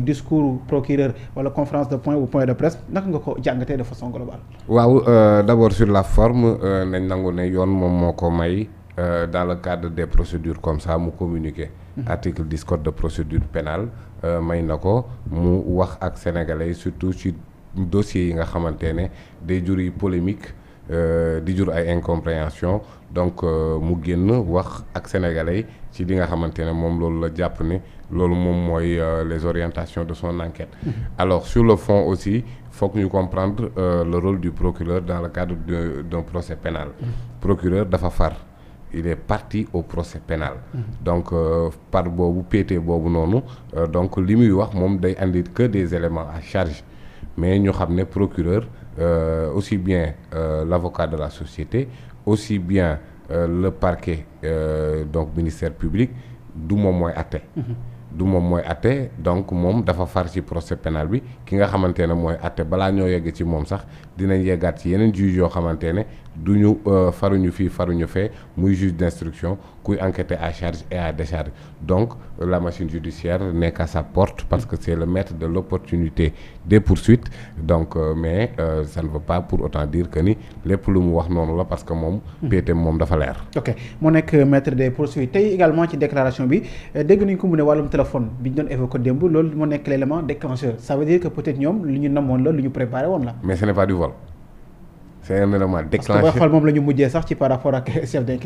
discours procureur wala conférence de point ou point de presse naka nga ko jàngatee de façon globale. waaw euh, sur la forme euh, nañ nangu ne yoon moom moo ko may euh, dans le cadre des procédures comme ça mu communiquer. Mmh. article 10 code de procédure pénale euh, may na ko mu wax ak sénégalais surtout ci dossiers yi nga xamante ne day juri polémique. Euh, di jur ay incompréhension donc euh, mu génn wax ak sénégalais ci li nga xamante ne moom loolu la jàpp ni loolu moom mooy euh, les orientations de son enquête. Mm-hmm. alors sur le fond aussi foog ñu comprendre le rôle du procureur dans le cadre de d'un procès pénal. Mm-hmm. procureur dafa far. il est parti au procès pénal mm-hmm. donc par boobu pété boobu noonu donc li muy wax moom day indi que des éléments à charge mais ñu xam ne procureur Euh, aussi bien euh, l'avocat de la société aussi bien euh, le parquet donc ministère public du moom mooy atte mhm. du moom mooy atte donc moom dafa far ci procès pénal bi ki nga xamante ne mooy atte balaa ñoo yegg ci moom sax dinañ yeggaat ci yeneen juge yoo xamante ne du ñu euh, faruñu fii faruñu fee muy juge d'instruction kuy enquêter à charge et à décharge donc la machine judiciaire nekk à sa porte parce que c'est le maître de l'opportunité des poursuites donc euh, mais euh, ça ne veut pas pour autant dire que ni lépp lu mu wax noonu la parce que moom. Hmm. péeteem moom dafa leer. ok mu nekk maître des poursuites tey également ci déclaration bi euh, dégg nañu ko mu ne wàllum téléphone bi ñu doon évoqué démb loolu mu nekk la woon la. mais ce n'est pas c' est un élément déclencheur parce moom la ñu mujjee sax ci par rapport ak chef d'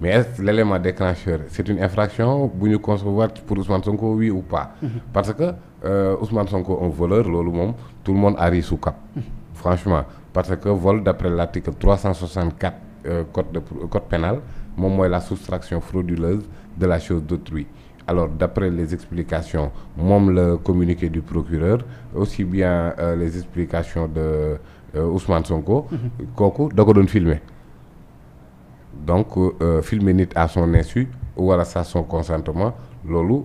mais est ce l' élément déclencheur c' une infraction bu ñu concevoir pour Ousmane Sonko oui ou pas. Mhm. parce que euh, Ousmane Sonko un voleur loolu moom tout le monde a ri sous cap. Mhm. franchement parce que vol d' après l' article 364 euh, code de code pénal moom mooy la soustraction frauduleuse de la chose d' autrui. alors d'après les explications moom la communiqué du procureur aussi bien euh, les explications de euh, Ousmane Sonko. Mhm. kooku da ko doon filmer donc euh, filmer nit à son insu wala sa son consentement loolu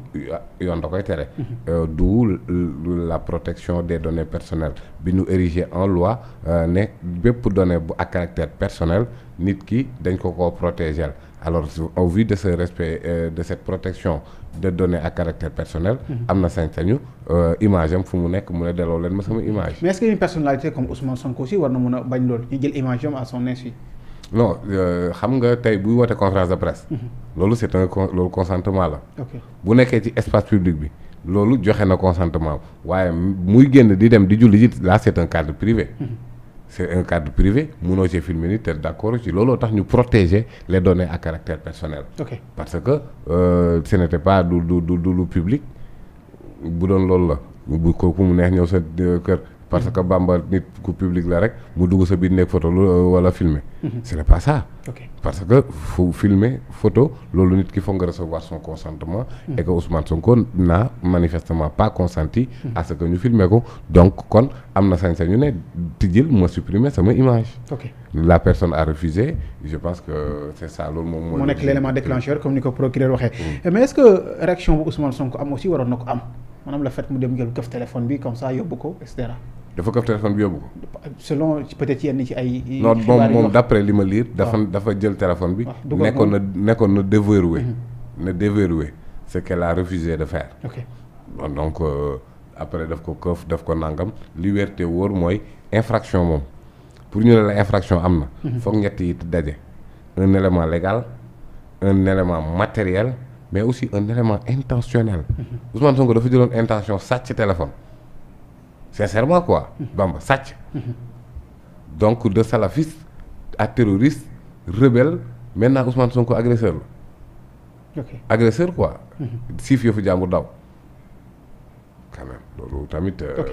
yoon da koy tere. Mhm. du la protection des données personnelles bi ñu érigé en loi ne bépp donnée bu à caractère personnel nit ki dañ ko koo protégel alors au vu de ce respect euh, de cette protection de données à caractère personnel. Mhm. am na sañ-sañu euh, image fu mu nekk mu ne delloo leen ma sama image. mais est-ce que une personnalité comme Ousmane Sonko aussi war na mën a bañ loolu ñu jël image am à son insu. non euh, xam nga tey buy woote conférence de presse. Mhm. loolu c'est un loolu consentement la. bu nekkee ci espace public bi loolu joxe na consentement waaye muy génn di dem di julli ji là c'est un cadre privé. Mm c' est un cadre privé munoo cee filmer ni te d' ci looloo tax ñu protéger les données à caractère personnel. ok parce que euh, ce pas du du du du lu public bu doon loolu la bu ku mu neex ñëw sa euh, kër. parce que Bamba nit ku public la rek mu dugg sa biir nekk photo euh, wala filmer mhm. ce n'est pas ça parce que fu filmer photo loolu nit ki foog nga recevoir son consentement mhm. et que Ousmane Sonko n'a manifestement pas consenti mhm. à ce que ñu filmer ko donc kon am na sañ-sañ ñu ne tijjil ma supprimer sama image okay. la personne a refusé je pense que c'est ça loolu moom moo nekk l'élément déclencheur comme ni ko procureur waxee mm. euh, mais est-ce que réaction bu Ousmane waroon na ko am maanaam le fait mu dem jël këf téléphone bi dafa ko téléphone bi yóbbu ko. selon peut-être yenn ci ay. xibaar yi moom moom d'après li ma liir. dafa dafa jël téléphone bi. nekkoon na nekkoon na déverrouillé. Mhm. na déverrouillé ce qu'elle a de faire. donc euh, après daf ko këf daf ko nangam li wérte mooy infraction moom pour ñu ne la infraction am na. Mhm. foog ñett yi daje. un élément légal un élément matériel mais aussi un élément intentionnel. Mhm. Ousmane Sonko dafa jëloon intention sàcc téléphone. sincèrement quoi. Mhm. Bamba sàcc. Mhm. donc de salafiste à terroriste rebelle maintenant Ousmane Sonko agresseur la. ok agresseur quoi. Mhm. siif yëfu jàmbur daw. quand loolu tamit. Euh,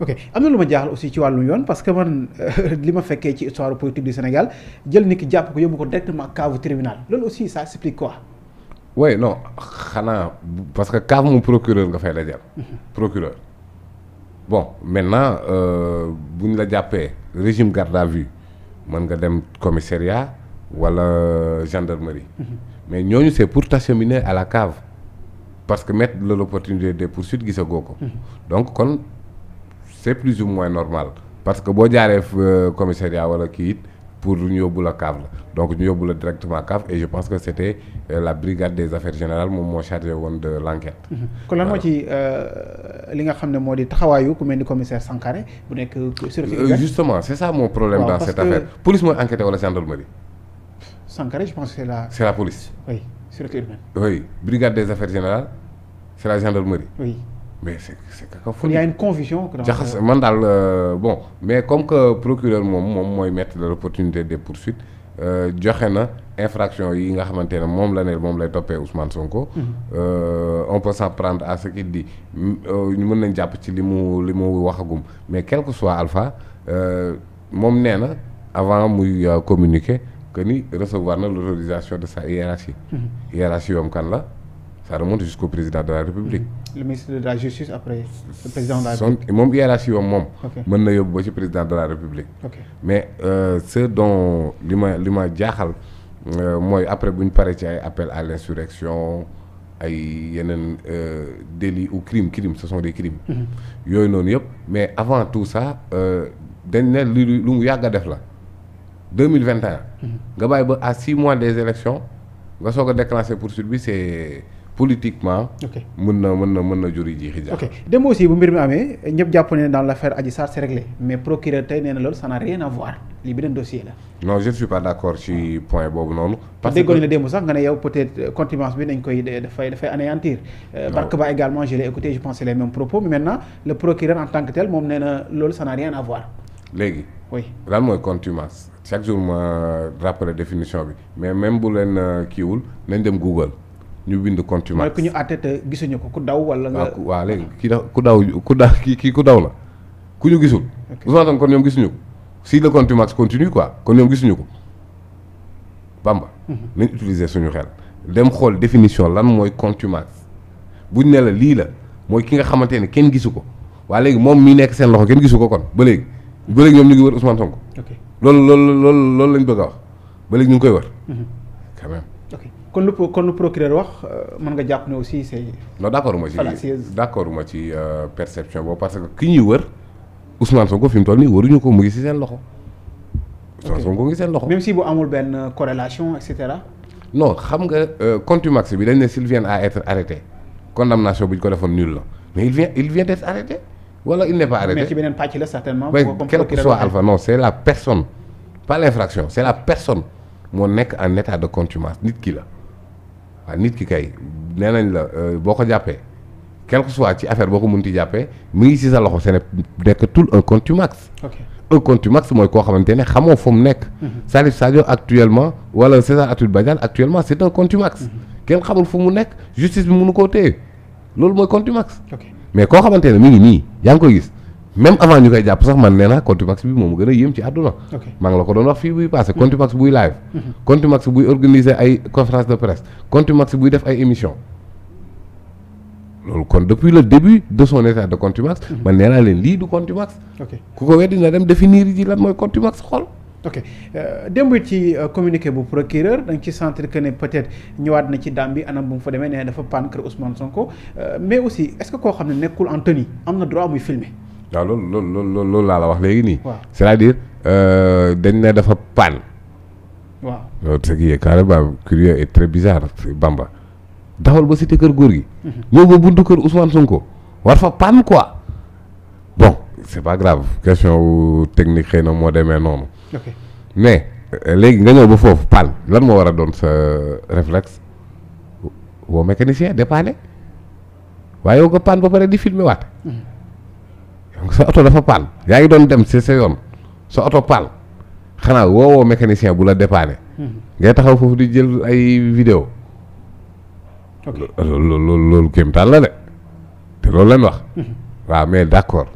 ok am na lu ma jaaxal aussi ci wàllu yoon parce que man euh, li ma fekkee ci histoire politique du Sénégal jël nit ki jàpp ko yóbbu ko directement caavu tribunal loolu aussi ça explique quoi. oui non xanaa parce que caavu mu procureur nga fay la jël. procureur. bon maintenant euh, bu ñu la jàppee régime garde à vue mën nga dem commissariat wala euh, gendarmerie. Mhm. mais ñoo ñu c'est pour t'acheminer à la cave parce que mettre la l'opportunité de poursuite gisagoo ko. Mhm. donc kon c'est plus ou moins normal parce que boo jaaree euh, commissaria wala kii pour ñu yóbbu la CAF la donc ñu yóbbu la directement CAF et je pense que c'était euh, la brigade des affaires générales moom moo chargé woon de l'enquête. Mhm. kon lan moo ci euh, li nga xam ne moo di taxawaayu ku mel ni commissaire Sankaré bu nekk. Euh, justement c'est ça mon problème. dans cette affaire police mooy enquêté wala gendarmerie. Sankaré je pense c'est la. c'est la police. oui sûreté urbaine. oui brigade des affaires générales c'est la gendarmerie. mais c' est a une confusion. man daal euh, bon mais comme que procureur moom moom mooy mettre de l' opportunité de poursuite euh, joxe na infraction yi nga xamante ne moom la ne moom lay toppee Ousmane Sonko. Mhm. Euh, on peut s'en prendre à ce qu'il dit ñu mën nañ jàpp ci li mu li mu waxagum mais quel que soit Alpha moom nee na avant muy communiqué que ni recevoir na l' de sa hiérarchie. Mhm. hiérarchie yoom kan la. ça remonte jusqu'au président de la république. Mm-hmm. le ministre de la justice après président de la république. moom hiérarchie am moom. mën na yóbbu ba ci président de la république. mais euh, ce don li ma li ma jaaxal euh, mooy après bu ñu paree ci ay appel à l'insurrection ay yeneen euh, délits ou crimes crimes ce sont des crimes. Mm-hmm. yooyu noonu yëpp mais avant tout sax dañ ne lu lu mu yàgg def la deux mille vingt et mm-hmm. nga bàyyi ba à six mois des élections nga soog a déclencher poursuite bi c'est politiquement. ok mën na mën na mën na jur yi ok dem aussi bu mbir mi amee ñëpp jàpp ne dans l' affaire Adji Sarr mais procureur tey nee na loolu ça n' a rien à voir lii beneen dossier la. non je ne suis pas d' ci point boobu noonu. parce que déggoon na démb sax nga ne yow peut-être euh, contumace bi dañ koy dafay dafay anéantir. waaw euh, Barkeba également je l' ai écouté je pensais les mêmes propos mais maintenant le procureur en tant que tel moom nee na loolu a mooy contumace chaque jour ma rappelé définition bi mais même bu leen euh, kiiwul nañ dem Google. ñu bind contumace ku ñu àtte gisuñu ko ku daw wala nga. waaw léegi kii da ku daw ku da kii ku daw la ku ñu gisul. Ousmane kon ñoom gisuñu ko si le contumace continue quoi kon ñoom gisuñu ko Bamba. Mhm. nañ utiliser suñu xel dem xool définition lan mooy contumace buñ ne la lii la mooy ki nga xamante ne kenn gisu ko waa léegi moom mii nekk seen loxo kenn gisu ko kon ba léegi ba léegi ñoom ñu ngi wër Ousmane Sonko. loolu loolu loolu loolu lañ bëgg a wax ba léegi ñu ngi koy wër mhm. kon lu kon lu procureur wax euh, mën nga jàpp ne aussi c'est non d'accord ma ci d'accord ma ci euh, perception boobu parce que ki ñuy wër Ousmane Sonko fi mu toll nii wëruñu ko mu ngi ci seen loxo Ousmane Sonko mu ngi seen loxo même si bu amul benn euh, corrélation et cetera non xam nga contumace bi dañ ne s'il vient à être kon condamnation bu ñu ko defoon nul la mais il vient il vient d'être arrêté wala il n'est pas arrêté mais ci beneen pàcc la certainement quel que soit alpha non c'est c'est la personne moo nekk en état de contumace nit ki la waaw nit ki kay nee nañ la euh, boo ko jàppee quelque soit ci affaire boo ko mënti jàppee mu ngi ci sa loxo seen nekk tout un contumax. ok un contumax mooy koo xamante ne xamoo fa mu nekk. Mm-hmm. Salif Sadio actuellement wala César Atoute Badiane actuellement c' est un contumax. Mm-hmm. kenn xamul fu mu nekk justice bi mënu koo téye loolu mooy contumax. mais koo xamante ne mi ngi nii yaa ngi koy gis. même avant ñu koy jàpp sax man nee naa Contimax bi moom gën a yéem ci àdduna maa ngi la ko doon wax fii buy passé mm-hmm. Contimax buy live mm-hmm. Contimax buy organiser ay conférence de presse Contimax buy def ay émission loolu kon depuis le début de son état de Contimax mm-hmm. man nee naa leen lii du Contimax ku ko weddi na dem définir ji lan mooy Contimax xool ok euh, démb ci euh, communiqué bu procureur da ci sentir que ne peut-être ñëwaat na ci dam bi anam bu mu fa demee ne euh, mais aussi est-ce que koo xam ne nekkul en tenue am na droit waaw loolu loolu loolu loolu laa la wax léegi nii. waaw c'est-à-dire euh, dañ ne dafa paan. waaw loolu ce qui est et très bizarre Bamba. dawal ba site kër góor gi. ñëw mhm. ba buntu kër Ousmane Sonko war fa paan quoi bon c'est pas grave question technique xëy na moo demee noonu. ok mais euh, léegi nga ñëw ba foofu paan lan moo war a doon sa réflexe woo mécanicien dépanner waaye yow ko paan ba pare di filmer waat. Mhm. sa oto dafa paal yaa ngi doon dem si sa yoon sa oto paal xanaa woowoo mécanicien bu la dépanné. Mm-hmm. ngay taxaw foofu di jël ay vidéo loolu loolu loolu kéemtaan la de te loolu lañ wax. Mm-hmm. waaw mais d'accord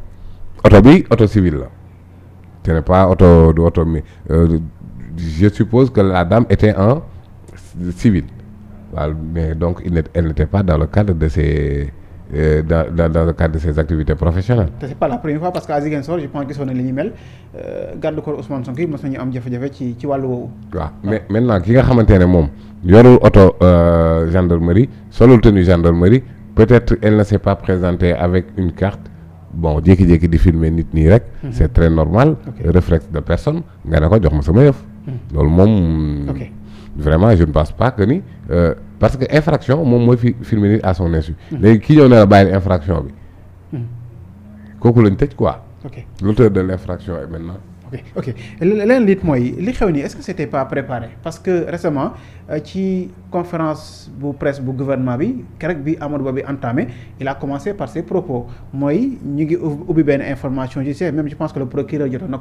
oto bi oto civil la ce n'est pas oto du oto mi euh, je suppose que la dame était en civil waaw mais donc il n' elle n'était pas dans le cadre de ses Euh, dans dans dans le cadre de ses activités professionnelles. te c'est pas la première fois parce que à Ziguinchor je pense gisoon na li mel euh, garde corps Ousmane Sonko yi mos nañu am jafe-jafe ci ci wàllu woowu. waaw mais ki nga xamante ne moom yorul oto euh, gendarmerie solul tenue gendarmerie peut-être elle ne s'est pas présentée avec une carte. bon jékki-jékki di filmer nit nii rek. Mhm. c'est très normal. Okay. réflexe de personne nga ne ko jox ma sama yëf. Mhm. loolu moom. vraiment je ne pense pas que ni euh, parce que infraction moom mooy fi firmer nit à son insu. léegi ki ñëw na la bàyyi infraction bi. kooku lañ tëj quoi. ok l'auteur de l' infraction est maintenant. ok leneen lit mooy li xew nii est-ce que c'était pas préparé parce que récemment euh, ci conférence bu presse bu gouvernement bi keroog bi Amadou Ba bi entamé il a commencé par propos mooy ñu ngi ubbi benn information judiciaire même je pense que le procureur jotoon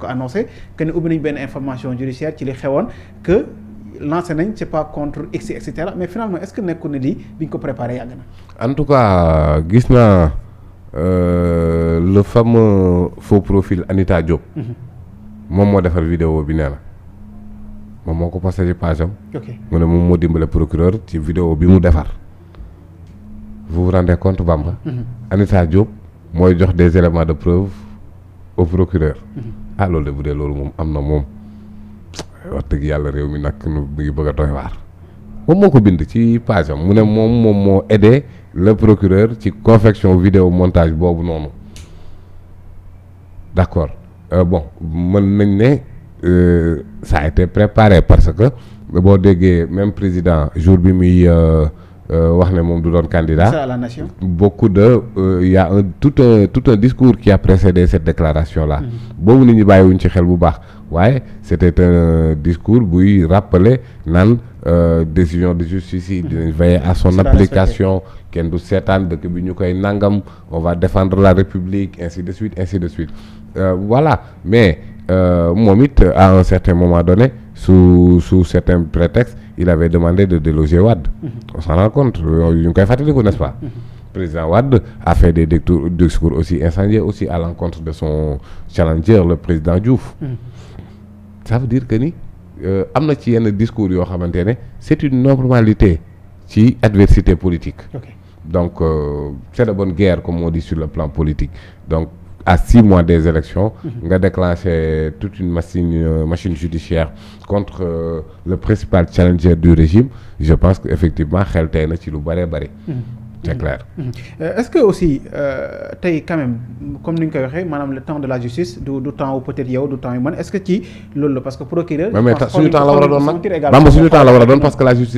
lancé nañ c'est pas contre x et cetera mais finalement est-ce que nekku ne lii bi ko préparé yàgg na. en tout cas gis naa euh, le fameux faux Anita Diop. Mhm. moom moo defar vidéo bi nee na moom moo ko posté ci page mu ne moom moo dimbale procureur ci video bi mu defar. vous vous rendez compte Bamba. Mm -hmm. Anita Diop mooy jox des éléments de preuve au mhm. ah, de bu dee loolu moom am na moom. wax dëgg yàlla réew mi nag nu ngi bëgg a waar moom moo ko bind ci page am mu ne moom moom moo aidé le procureur ci confection vidéo montage boobu noonu d'accord euh, bon mën nañ ne Euh, ça a été préparé parce que boo déggee même président jour bi muy euh, euh, wax ne moom du doon candidat à la nation beaucoup de euh, y a un tout un tout un discours qui a précédé cette déclaration là mm-hmm. boobu nit ñi bàyyiwuñ ci xel bu baax waaye c'était un discours buy rappeler naan euh, décision de justice yi dinañ veiller à son application kenn du seetaan dëkk bi ñu koy nangam on va défendre la république ainsi de suite ainsi de suite euh, voilà mais euh, moom it à un certain moment donné sous sous certains prétextes il avait demandé de déloger Wade mm-hmm. on s'en rend yooyu ñu ngi koy fàttaliku n'est-ce pas mm-hmm. président Wade a fait des discours aussi incendiaires aussi à l'encontre de son challenger le président Diouf mm-hmm. ça veut dire que ni euh, am na ci yenn discours yoo xamante ne c'est une normalité ci adversité politique donc euh, c'est de bonne guerre comme on dit sur le plan politique donc à six mois des élections mhm. nga mmh. déclenché toute une machine euh, machine judiciaire contre euh, le principal challenger du régime je pense que effectivement xel tey na ci lu bëree bëri c'est mm. clair. Mm. Euh, est-ce que aussi euh, tey quand comme ni ñu koy waxee maanaam le temps de la justice du du temps wu peut-être yow du temps yu man est-ce que ci loolu parce que procureur. suñu temps la war temps la war a doon parce que la justice.